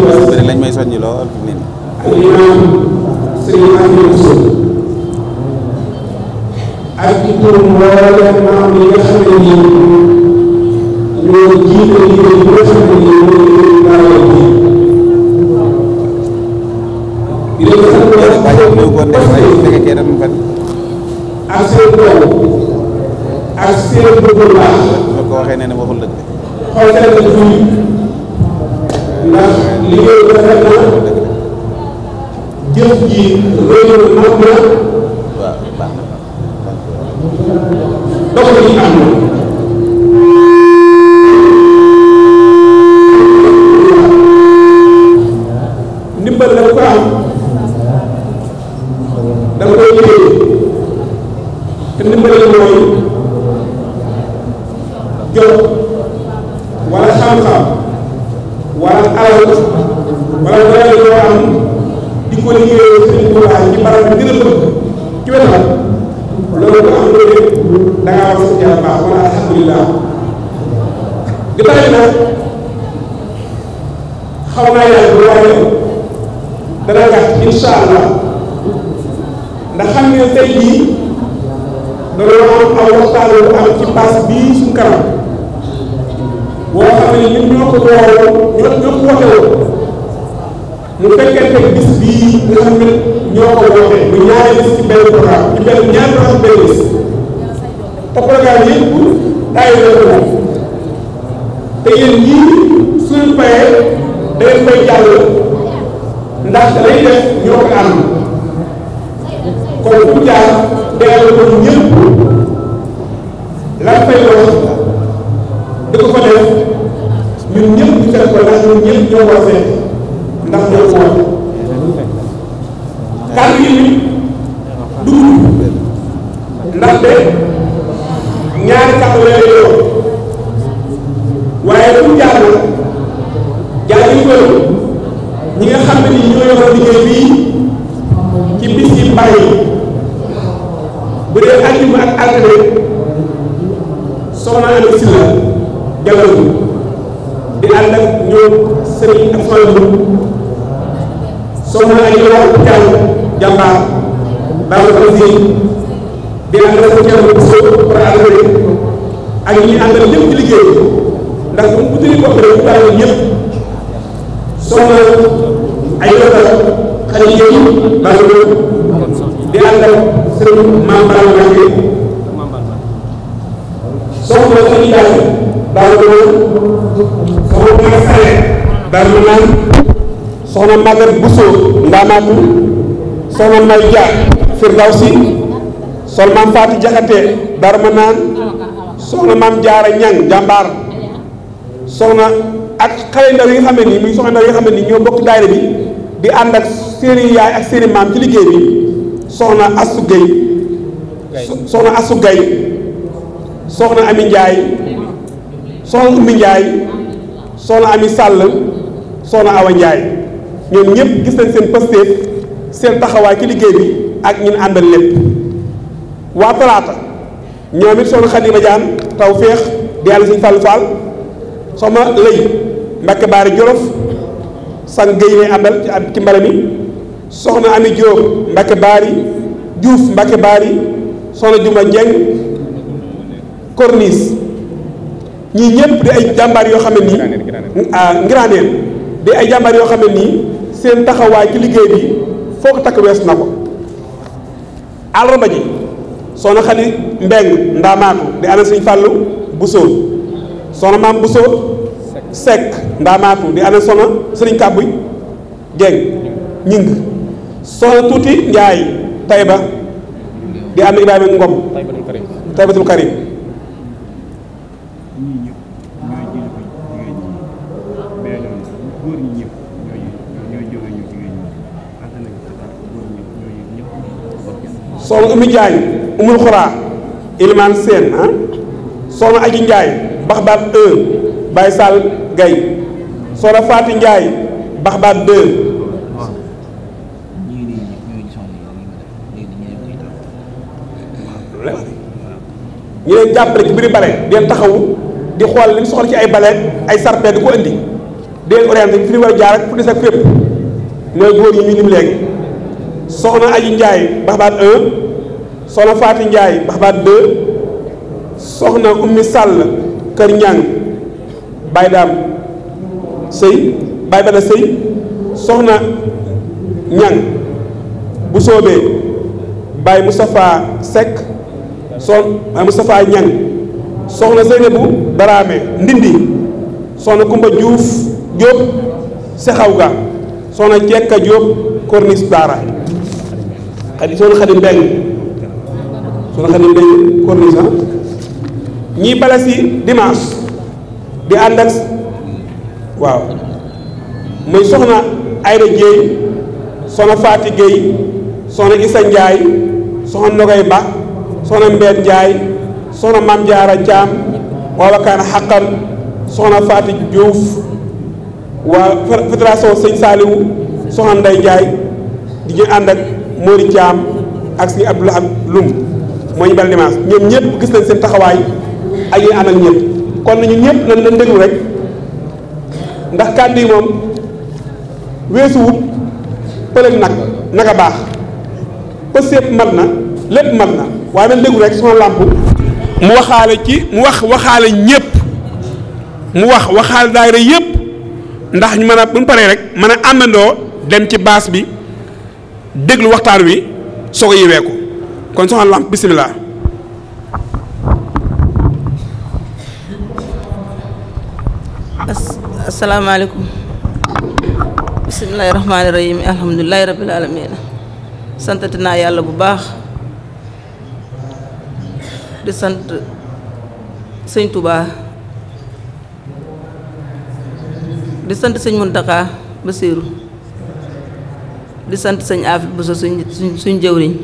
bëri lañ may soññi lool fi mu ne ak ci tur mbooleem maam yi nga xam ne nii ñoo jiite liggéey bi nga xam ne nii mooy liggéeyu bàyyi bi. di leen sant bu baax di leen sant bu baax ak seen doom ak seen bëgg baax. ko waxee nee na waxul dëgg. xool ndax liggéey ba rafet na jëf ji réew mi mag na dox yi am na ndax xam ne tey jii dañoo am aw waxtaan am ci paas bii suñu kanam boo xam ne ñun ñoo ko woowoon ñoo ko ñoo ko woote mu ñaari bis ci benn programme ci benn ñaari programme benn bis te programme yëpp daayu la te yéen ñii suñu payee da ngeen koy jàll ndax lay def ñoo ko ànd kon ku jaar dayal ko ñëpp lan fay wax di ko def ñun ñëpp ñu teg ko ndax ñun ñëpp ñoo war seet ndax ñoo ko war kàddu yi dugub ndaxte ñaari kàddu la lay waaye ku jaar jaar yi koy ñi nga xam ne ni ñoo yor liggéey bii ci bis yi bàyyi bu dee àjjuma ak altine soxna Aliou Sylla jàllal bi di ànd ak ñoom sëriñ ak soxna Mbour soxna Aliou wax jàll jàmbaar baax na di ànd ak soxna Mbour soo pour ak ñi àndal ñëpp ci liggéey ay yëpp xale yi baax na di ànd sëñ Mambal Mbacke soxna Sani Diagne Darou soxna Mbaye jaar Darou Nane soxna Maguette Bousso Ndamatou soxna May soxna Mame Fatou Diakhaté Darou jàmbaar soxna ak xale ndaw yi xam ne nii muy soxna ndaw yi xam ne ñoo bokk daayira bi di ànd ak seeni yaay ak seeni maam ci liggéey bi. soxna Asou Gueye soxna Asou Gueye soxna Ami Ndiaye soxna Oumy Ndiaye soxna Ami Sall soxna Awa njaay ñoom ñëpp gis nañ seen pasteef seen taxawaay ci liggéey bi ak ñun àndal lépp waa talaata ñoom it soxna Khadima Diane taw féex di yàlla suñ Fallou Fall soxna lëy Mbacke Baari Jolof sang Gueye lay àndal ci mbala mi soxna Ami Diop Mbacke Bari Diouf Mbacke Bari soxna Juma Dieng Corniche ñii ñëpp di ay jàmbaar yoo xam ne nii ah ngiraaneen di ay jàmbaar yoo xam ne nii seen taxawaay ci liggéey bi foo ko takk wees na ko àllarba ji soxna Xali Mbeng Ndaamaatu di ana Sëñ Fàllu Buso soxna Maam Buso Sekk Ndaamaatu di ana soxna Sëriñ Kàbbuy Dieng ñing soxna tuuti njaay Tayba di am Ibrahima Ngom Taybatul Karim soxna Oumy Diagne Umul Xura Iliman Sène ah soxna Aji Ndiaye Baxbaat 1 Baye Sall Gaye soxna Faati Ndiaye Baxbaat 2 ñu leen jàppale ci biir bale deen taxawu di xool li ñu soxla ci ay baleeg ay sarpe di ko indi deen orienté fi ñu war a jaar ak fu des ak fépp mooy góor yi ñu lim léegi soxna Aji Ndiaye baxbaat 1 soxna Faati Ndiaye baxbaat 2 soxna Ummi Sàll Kër Ñang Baye Daam Sëy Baye Bada Sëy soxna Ñang bu soobee bay Moustapha Seck son Moustapha Niang soxna Seynabou Daraame Ndindi soxna Kumba Diouf Diop Sexaw ga soxna Jekka Diop Corniche Daara xadi soxna Xadi Mbeng soxna Xadi Mbeng Corniche ah ñii bala si dimanche di ànd waaw muy soxna Ayda Dieye soxna Faati Gueye soxna Issa Ndiaye soxna Nogay Ba soxna Mbène Ndiaye soxna Mame Diarra Thiam waa Wakana Xaqan soxna Fatou Diouf waa fédération sëñ Saliou soxna Ndeye Ndiaye di ñu ànd ak Mori Thiam ak suñu Abdoulaye Loum moo ñu ñoom ñëpp gis nañ seen taxawaay ak yéen ànd ak ñëpp kon nañu ñëpp nañ leen déglu rek ndax kàddu moom weesu wut pëlëg nag naka baax pëseet mat na lépp mat na waaye man déglu rek sama làmp mu waxaale ci mu wax waxaale ñëpp mu wax waxaale daayira yëpp ndax ñu mën a bu paree rek mën a àndandoo dem ci baas bi déglu waxtaan wi soo ko yëwee ko kon soxna làmp bisimilah. asalaamaaleykum bisimilahi rahmaani rahim alhamdulilahi rabil alamin santati naa yàlla bu baax. di sant sëñ Touba di sant sëñ ba Bassirou di sant sëñ Afit Bousso suñ suñ jëwriñ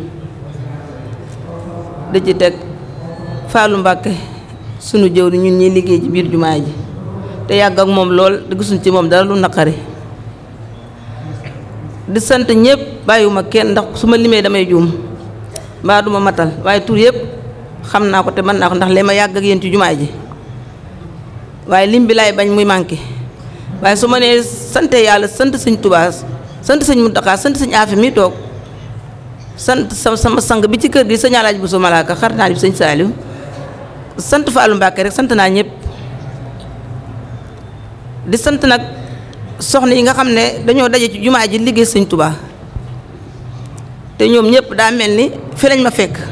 di ci teg Fallou Mbacké sunu jëwriñ ñun ñuy liggéey ci biir jumaa ji te yàgg ak moom lool di gisuñ ci moom dara lu naqari di sant ñëpp bàyyiwuma kenn ndax su ma limee damay juum mbaa duma matal waaye tur yëpp xam naa ko te man naa ko ndax li ma yàgg ak yéen ci jumaa ji waaye lim bi laay bañ muy manqué waaye su ma nee sante yàlla sant sëñ Tuubaa sant sëñ Muntaxaa sant sëñ Aafe mi toog sant sama sang bi ci kër gi sëñ bu su malaaka xar naa bi sant Faalu Mbàkke rek sant naa ñëpp di sant nag soxna yi nga xam ne dañoo daje ci jumaa ji liggéey sëñ Tuubaa te ñoom ñëpp daa mel ni fi lañ ma fekk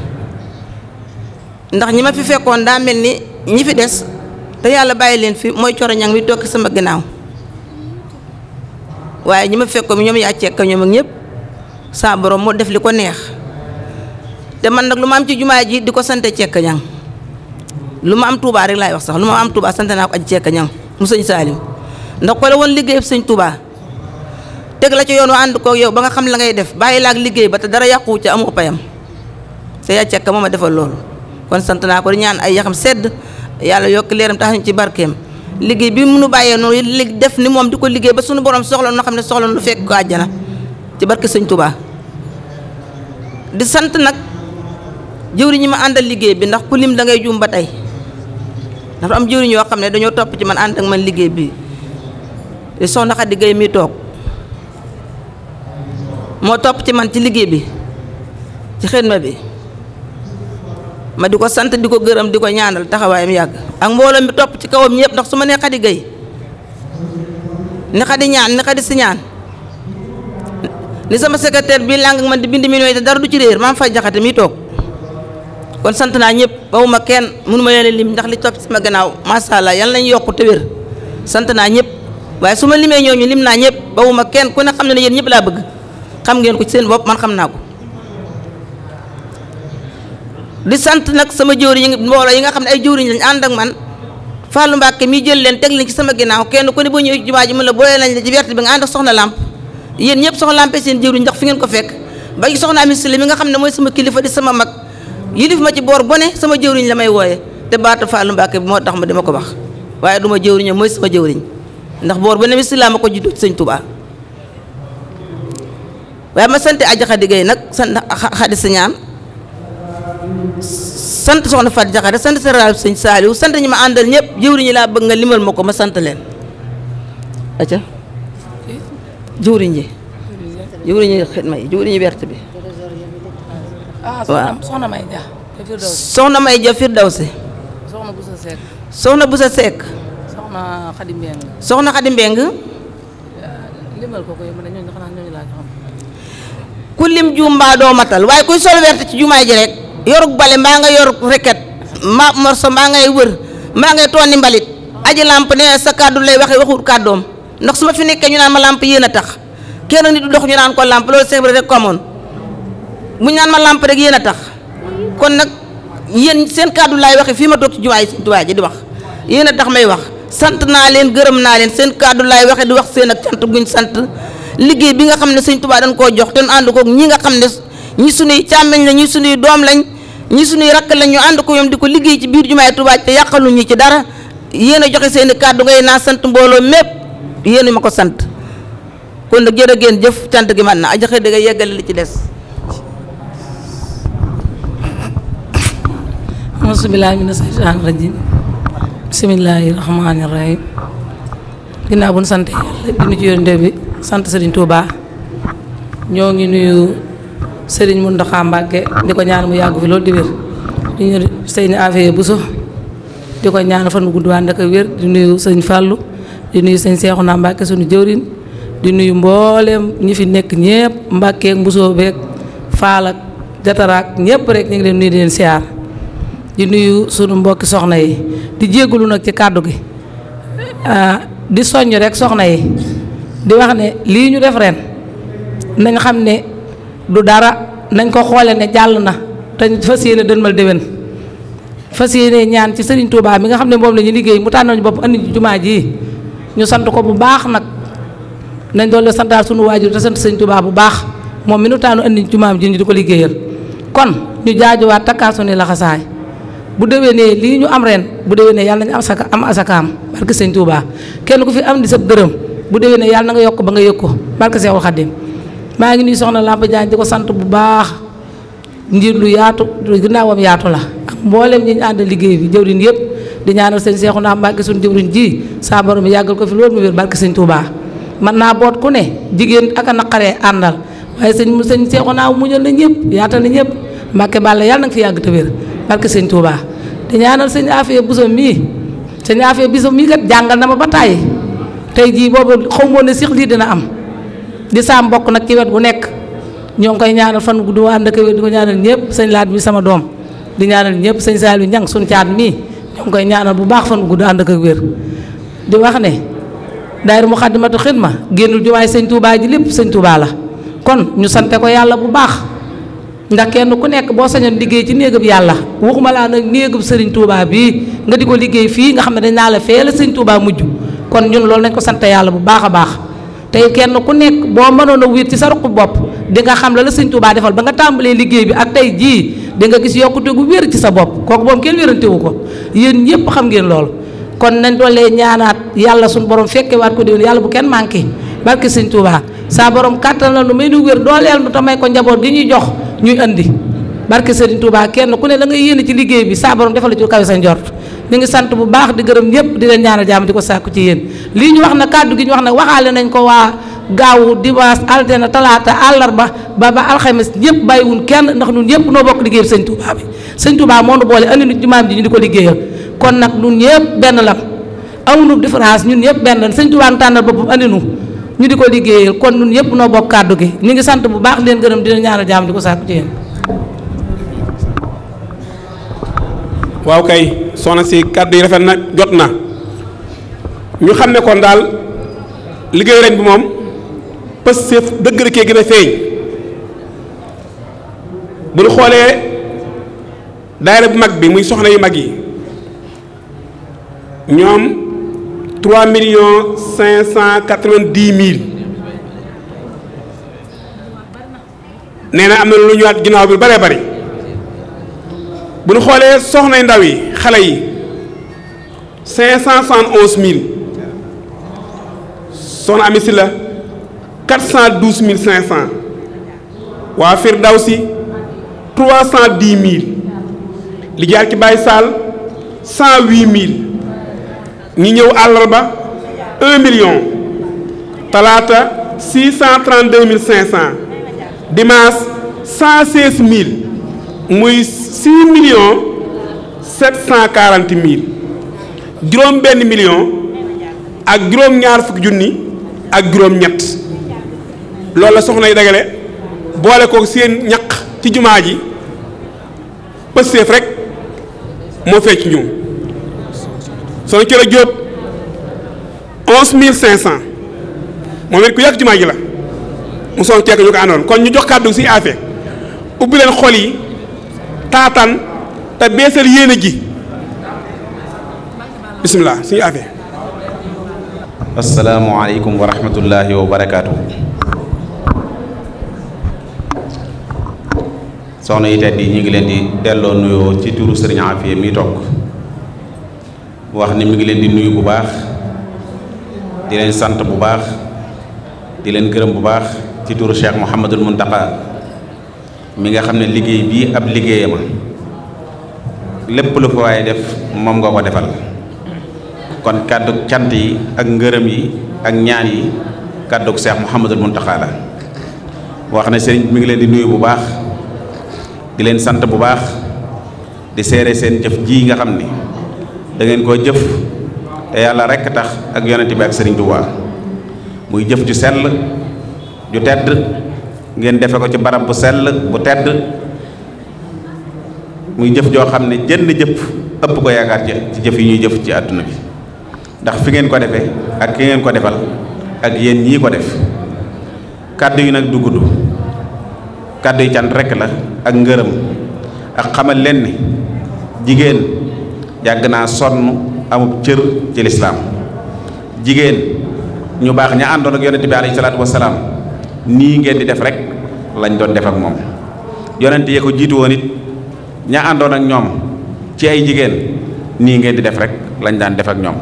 ndax ñi ma fi fekkoon daa mel ni ñi fi des te yàlla bàyyi leen fi mooy coro ñang mi tokki sama ginnaaw waaye ñi ma fekkoon ñoom yaa ceeg ka ñoom ak ñëpp saa borom moo def li ko neex te man nag lu ma am ci jumaa ji di ko sante ceeg ka lu ma am Touba rek laay wax sax lu ma am Touba sant naa ko aji ceeg ka mu sëñ Saaliw ndax ko la woon liggéey sëñ Touba teg la ci yoon wa ànd ko yow ba nga xam la ngay def bàyyi laak liggéey ba te dara yàquwu ca amu payam te yaa ceeg ka defal loolu kon sant naa ko di ñaan ay yaxam sedd yàlla yokk leeram tax ñu ci barkeem liggéey bi munu bàyyee noonu li def ni moom di ko liggéey ba suñu borom soxla noo xam ne soxla nu fekk ko àjjana ci barke sëñ Touba di sant nag jëwriñ ñi ma àndal liggéey bi ndax ku lim da ngay juum ba tey dafa am jëwriñ yoo xam ne dañoo topp ci man ànd ak man liggéey bi di soxna Xadi Gay mi toog moo topp ci man ci liggéey bi ci xidma bi ma di ko sant di ko gërëm di ko ñaanal taxawaayam yàgg ak mbooloo mi topp ci kawam ñëpp ndax su ma nee xadi gay ni xadi ñaan ni xadi si ñaan ni sama secrétaire bii làng man di bind mi millions te dara du ci réer maam fay jaxate mi toog kon sant naa ñëpp bawuma kenn mënu ma leen lim ndax li topp sama gannaaw macha allah yal nañu yokk te wér sant naa ñëpp waaye su ma limee ñooñu lim naa ñëpp bawuma kenn ku ne xam ne ne yéen ñëpp laa bëgg xam ngeen ci seen bopp man xam naa ko di sant nag sama jëwriñ mbooloo yi nga xam ne ay jëwriñ lañ ànd ak man Fallou Mbacke mi jël leen teg leen ci sama ginnaaw kenn ko ne boo ñëwee jumaa ji mën la boolee nañ la ci werte bi nga ànd ak soxna làmp yéen ñëpp soxna làmpe seen jëwriñ ndax fi ngeen ko fekk ba ci soxna ami sili mi nga xam ne mooy sama kilifa di sama mag yilif ma ci boor bone sama jëwriñ la may wooye te baatu Fallou Mbacke bi moo tax ma dama ko wax waaye du ma jëwriñam mooy sama jëwriñ ndax boor bone mi sila ma ko juddoo ci sëñ Touba ma sant aji Xadi Gay nag sant Xadi Sañaan sant soxna Fat Jaxate sant sëriñ sëñ Saaliw sant ñi ma àndal ñëpp jëwriñ ñi laa bëgg nga limal ma ko ma sant leen acca jëwriñ ji jëwriñ yi wert bi ah, soxna may ja soxna may ja Firdawsi soxna Busa Seck soxna Busa Seck soxna Xadi euh, ko ku lim juum doo matal waaye kuy sol wert ci jumaay ji rek yorug bale mbaa nga yor reket ma morso mbaa ngay wër mbaa ngay ni mbalit aj làmp ne sa kàddu lay waxee waxut kàddoom ndax su ma fi nekkee ñu naan ma làmp yéen a tax kenn nit du dox ñu naan làmp loolu seex bi rek ko amoon ma làmp rek yéen a tax kon nag yéen seen kàddu laay waxee fii ma toog ci jumaay Sëñ Tuubaa ji di wax yéen a tax may wax sant naa leen gërëm naa leen seen kàddu laay waxe di wax seen ak cant guñ sant liggéey bi nga xam ne Sëñ Tuubaa dañ koo jox te ànd koog ñi nga xam ne ñi sunuy càmmiñ la ñi sunuy doom lañ ñi sunuy rakk lañu ànd ko ñoom di ko liggéey ci biir jumaay Tuubaa te yàqalu ñu ci dara yéen a joxe seeni kàddu ngay naa sant mbooloo mépp yéen ma ko sant kon nag jërë ngeen jëf cant gi man na a joxe dëgg yeggale li ci des auzu billaahi mina seytaani rajiim bismillaahi rahmaani rahiim ginnaaw bu sant yàlla di nu sant Serigne Touba ñoo ngi nuyu Serigne Mountakha Mbacké di ko ñaan mu yàgg fi loolu di wér di nuyu sëñ Afia Bousso di ko ñaan fan nuyu sëñ Fallou di nuyu suñu jëwriñ di nuyu mbooleem ñi fi nekk ñëpp Mbacké ak Bousso beeg Faal Jataraak ñëpp rek ñu ngi leen di leen siyaar di nuyu sunu mbokki soxna yi di jéggalu nag ci kàddu gi ah, di soññ rek soxna yi di wax ne lii ñu def ren nañ xam ne du dara nañ ko xoole ne jàll na te fas yéene dënmal déwén fas yéene ñaan ci sëriñ Touba mi nga xam ne moom lañu liggéey mu tànn nañu bopp andi jumaa ji ñu sant ko bu baax nag nañ doon la santaal suñu waajur te sant sëriñ Touba bu baax moom mi nu tànn andi jumaam ji ñu di ko liggéeyal kon ñu jaajuwaat takkaasu ni laxasaay bu déwénee lii ñu am ren bu déwénee yàlla nañu am saka am asakaam barke sëriñ Touba kenn ku fi am di sa dërëm bu déwénee yàlla na nga yokk ba nga yëg ko barke Seexul Xaddim maa ngi nuyu soxna Lamp Diagne di ko sant bu baax ngir lu yaatu ginnaawam yaatu la ak mboolem ñi ñu ànd liggéey bi jëwriñ yëpp di ñaanal sëñ Seexuna Mbàkke suñu jëwriñ ji saa borom yàggal ko fi loolu mu wér barke sëñ Tuubaa mën naa boot ku ne jigéen ak a àndal waaye sëñ sëñ Seexuna muñal na ñëpp yaatal na ñëpp Mbàkke Bàlla yàlla na nga fi yàgg te wér barke sëñ Tuubaa di ñaanal sëñ Afia Bousso mii sëñ Afia Bousso mii kat jàngal na ma ba tàyyi tey jii boobu xaw moo ne six lii dina am di saam mbokk nag ci wet bu nekk ñoo ngi koy ñaanal fan gudd ànd ak wér di ko ñaanal ñëpp sëñ laat mi sama doom di ñaanal ñëpp sëñ Saliou Niang suñ caat mii ñoo ngi koy ñaanal bu baax fan gudd ànd ak wér di wax ne daayira Muxaddamatul ma génnul jumaay sëñ Touba ji lépp sëñ Touba la kon ñu sante ko yàlla bu baax ndax kenn ku nekk boo sañoon liggéey ci néegab yàlla waxuma laa nag néegab sëriñ Touba bii nga di ko liggéey fii nga xam ne dañ naa la fee la sëñ Touba mujj kon ñun loolu nañ ko sante yàlla bu baax a baax tey kenn ku nekk boo mënoon a wiir ci sa ruq bopp di xam la la sëñ Tuubaa defal ba nga tàmbalee liggéey bi ak tey jii di gis yokkute gu wér ci sa bopp kooku moom kenn wérantewu ko yéen ñëpp xam ngeen lool kon nañ doolee ñaanaat yàlla suñu borom fekkee waat ko déwén yàlla bu kenn manqué barke sëñ Tuubaa sa borom kàttan la nu may nu wér dooleel nu tamay ko njaboot gi ñuy jox ñuy andi barke Serigne Touba kenn ku ne la nga yéene ci liggéey bi saa borom defal kawe sa njort ñu ngi sant bu baax di gërëm ñëpp di leen ñaanal jàmm di ko sàkku ci yéen lii ñu wax na kàddu gi ñu wax na waxaale nañ ko waa gaawu dimanche altine talaata àllarba ba ba alxames ñëpp bàyyiwun kenn ndax ñun ñëpp noo bokk liggéey bi sëñ Touba bi moo boole ñu di ko liggéeyal kon nag ñun ñëpp benn la amuñu différence ñun ñëpp benn la sëñ Touba tànnal boppam andi ñu di ko liggéeyal kon ñun ñëpp noo bokk kàddu gi ñu ngi sant bu baax leen gërëm dina ñaanal jàmm di ko sàkku ci waaw kay soxna si kàddu yi rafet na jot na ñu xam ne kon daal liggéey ren bi moom pës seef dëgg rek gën a feeñ bu xoolee daayira bu mag bi muy soxna yu mag yi ñoom trois million cinq cent quatre-vingt-dix mille nee na am na lu ñu waat ginnaaw bi bare bari bu ñu xoolee soxna ndaw yi xale yi cinq cent soixante mille soxna ami si la quatre cent douze mille waa Firdawsi trois cent dix mille li jaar ci Baye Sall cent huit mille ñi ñëw àllarba un million talaata six cent trente cinq cent dimanche cent seize mille muy six million sept cent quarante mille juróom benn million ak juróom ñaar fukki junni ak juróom ñett loolu la soxna yi dagale boole ko seen ñaq ci jumaa ji pësteef rek moo fecc ñu soxna ci la jóob onze mille cinq cent moo it ku yàgg jumaa ji la mu soxna ceek ñu ko àndoon kon ñu jox kàddu si affaire ubbi leen xol yi taataan te beesal yéene ji bisimilah suñu affaire. asalaamualeykum wa rahmatullahi wa barakaatu. soxna yi tedd yi ñu ngi leen di delloo nuyoo ci turu sëriñ Afia mi toog wax ni mi ngi leen di nuyu bu baax di leen sant bu baax di leen gërëm bu baax ci turu Cheikh Mouhamadul Muntaqa mi nga xam ne liggéey bii ab liggéeyama lépp lu fa waaye def moom nga ko defal kon kàddug cant yi ak ngërëm yi ak ñaan yi kàddug seex Muhammadul Muntaxa la wax ne sëriñ mu ngi leen di nuyu bu baax di leen sant bu baax di seere seen jëf jii nga xam ni dangeen koo jëf te yàlla rekk tax ak yonent bi ak sëriñ Tuubaa muy jëf ju sell ju tedd ngeen defe ko ci barab bu sell bu tedd muy jëf joo xam ne jënn jëf ëpp ko yaakaar ci jëf yi ñuy jëf ci àdduna bi ndax fi ngeen ko defee ak ki ko defal ak yéen ñii ko def kàddu yi nag du gudd kàddu yi cant rekk la ak ngërëm ak xamal leen ni jigéen yàgg naa sonn amub cër ci lislaam jigéen ñu baax ña àndoon ak yonente bi alayhi salaatu wasalaam nii ngeen di def rek lañ doon def ak moom yonent yee ko jiitu woon it ña àndoon ak ñoom ci ay jigéen nii ngeen di def rek lañ daan def ak ñoom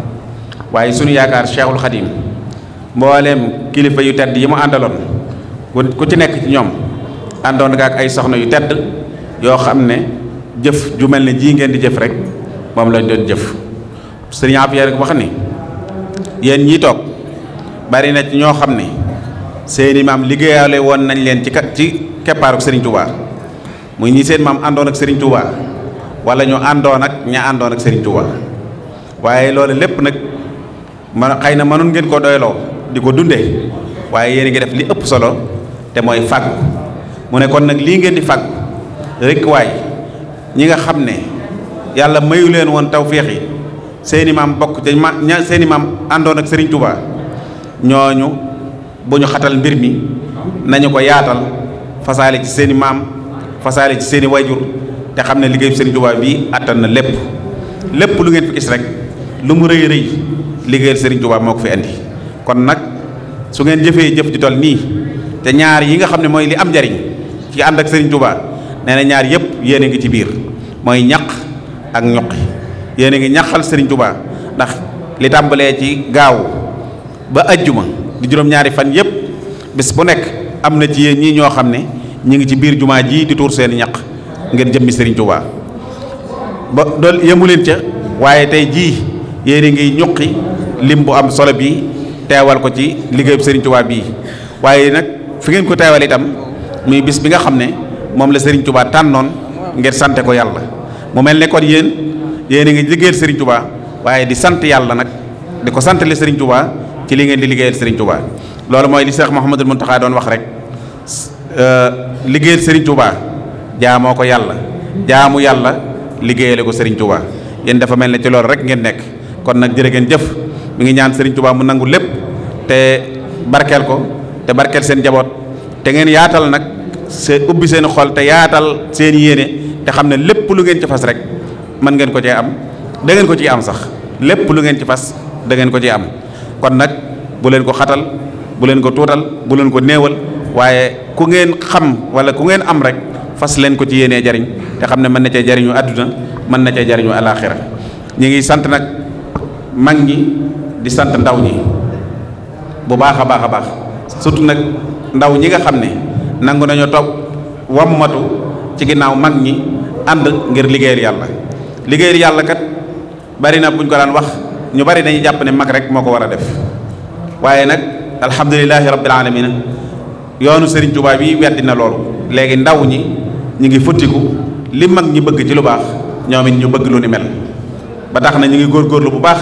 waaye suñu yaakaar Cheikhul Khadim mbooleem kilifa yu tedd yi mu àndaloon ku ci nekk ci ñoom àndoon nga ak ay soxna yu tedd yoo xam ne jëf ju mel ne jii ngeen di jëf rek moom lañ doon jëf sëriñ Afia wax ni yéen ñii toog bari na ci ñoo xam ne seeni maam liggéeyale woon nañ leen ci ka ci keppaaruk Serigne Touba muy ñi seen maam àndoon ak Serigne Touba wala ñu àndoon ak ña àndoon ak Serigne Touba waaye loolu lépp nag man xëy na mënoon ngeen ko doyloo di ko dundee waaye yéen gi def li ëpp solo te mooy fàggu mu ne kon nag lii ngeen di fàggu rek waay ñi nga xam ne yàlla mayu leen woon tawféex yi seeni maam bokk ca ma ña seeni maam àndoon ak Serigne Touba ñooñu. bu ñu xatal mbir mi nañu ko yaatal fasaale ci seeni maam fasaale ci seeni i wayjur te xam ne liggéey Sëriñ Tuubaa bii attan na lépp lépp lu ngeen fi gis rek lu mu rëy rëy liggéeyal Sëriñ Tuubaa moo ko fi andi kon nag su ngeen jëfee jëf ju toll nii te ñaar yi nga xam ne mooy li am njariñ ci ànd ak Sëriñ Tuubaa nee na ñaar yëpp yéen a ngi ci biir mooy ñaq ak ñoqi yéen a ngi ñaqal Sëriñ Tuubaa ndax li tàmbalee ci gaaw ba ajjuma di juróom-ñaari fan yépp bis bu nekk am na ci yéen ñii ñoo xam ne ñu ngi ci biir jumaa jii di tuur seen ñaq ngeen jëmmi Serigne Touba ba dool yëmu leen ca waaye tey jii yéen a ngi ñuqi lim bu am solo bi teewal ko ci liggéeyub Serigne Touba bii waaye nag fi ngeen ko teewal itam muy bis bi nga xam ne moom la Serigne Touba tànnoon ngir sante ko yàlla mu mel ne kon yéen ngi liggéeyal Serigne Touba waaye di sant yàlla nag di ko santale Serigne Touba. ci li ngeen di liggéeyal Serigne Touba loolu mooy li Cheikh Mouhamadul Mountakha doon wax rek euh, liggéeyal Serigne Touba jaamoo ko yàlla jaamu yàlla liggéeyale ko Serigne Touba yéen dafa mel ne ci loolu rek ngeen nekk kon nag jërë ngeen jëf mu ngi ñaan Serigne Touba mu nangu lépp te barkeel ko te barkeel seen jaboot te ngeen yaatal nag seen ubbi seen xol te yaatal seen yéene te xam ne lépp lu ngeen ci fas rek mën ngeen ko cee am da ko ci am sax lépp lu ngeen ci fas da ngeen ko ciy am. kon nag bu leen ko xatal bu leen ko tuutal bu leen ko néewal waaye ku ngeen xam wala ku ngeen am rek fas leen ko ci yéenee jariñ te xam ne mën na cee jariñu àdduna mën na cee jariñu alaaxira ñu ngi sant nag mag ñi di sant ndaw ñi bu baax a baax a baax surtout nag ndaw ñi nga xam ne nangu nañoo topp wammatu ci ginnaaw mag ñi ànd ngir liggéeyal yàlla liggéeyal yàlla kat bari na buñ ko daan wax ñu bari dañuy jàpp ne mag rek moo ko war a def waaye nag alhamdulilahi rabbil alamin yoonu Serigne Touba bi weddi na loolu léegi ndaw ñi ñu ngi futtiku li mag ñi bëgg ci lu baax ñoom it ñu bëgg lu ni mel ba tax na ñu ngi góor góorlu bu baax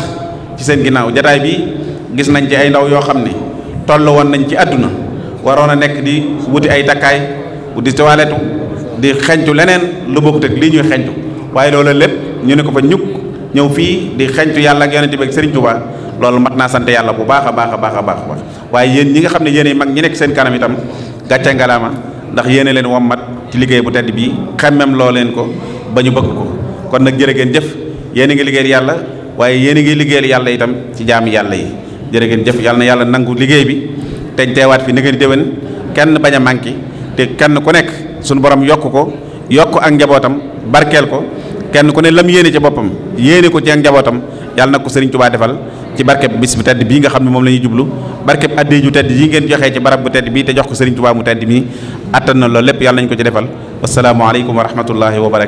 ci seen ginnaaw jataay bi gis nañ ci ay ndaw yoo xam ne toll woon nañ ci àdduna waroon a nekk di wuti ay takkaay wuti toilette di xencu leneen lu bokkut ak lii ñuy xencu waaye loolu lépp ñu ne ko fa ñukk ñëw fii di xeñtu yàlla ak yonente bi ak Serigne Touba loolu mat naa sant yàlla bu baax a baax a baax a waaye yen ñi nga xam ne yéenay mag ñi nekk seen kanam itam gàcce ngalaama ndax yéene leen mat ci liggéey bu tedd bii xemmem loo leen ko ba ñu bëgg ko kon nag jërë ngeen jëf yéen a ngi liggéeyal yàlla waaye yéen ngi liggéeyal yàlla itam ci jaami yàlla yi jërë ngeen jëf yàlla na yàlla nangu liggéey bi teñ teewaat fi ni ngeen déwén kenn bañ a manqué te kenn ku nekk suñu borom yokk ko yokk ak njabootam barkeel ko kenn ku ne lam yéene ci boppam yéene ko ci ak njabootam yàlla na ko Serigne Touba defal ci barkeb bis bu tedd bii nga xam ne moom la ñuy jublu barkeb addee ju tedd yi ngeen joxee ci barab bu tedd bii te jox ko Serigne Touba mu tedd mii attan na lépp yàlla nañu ko ci defal wasalaamualeykum wa rahmatullahi wa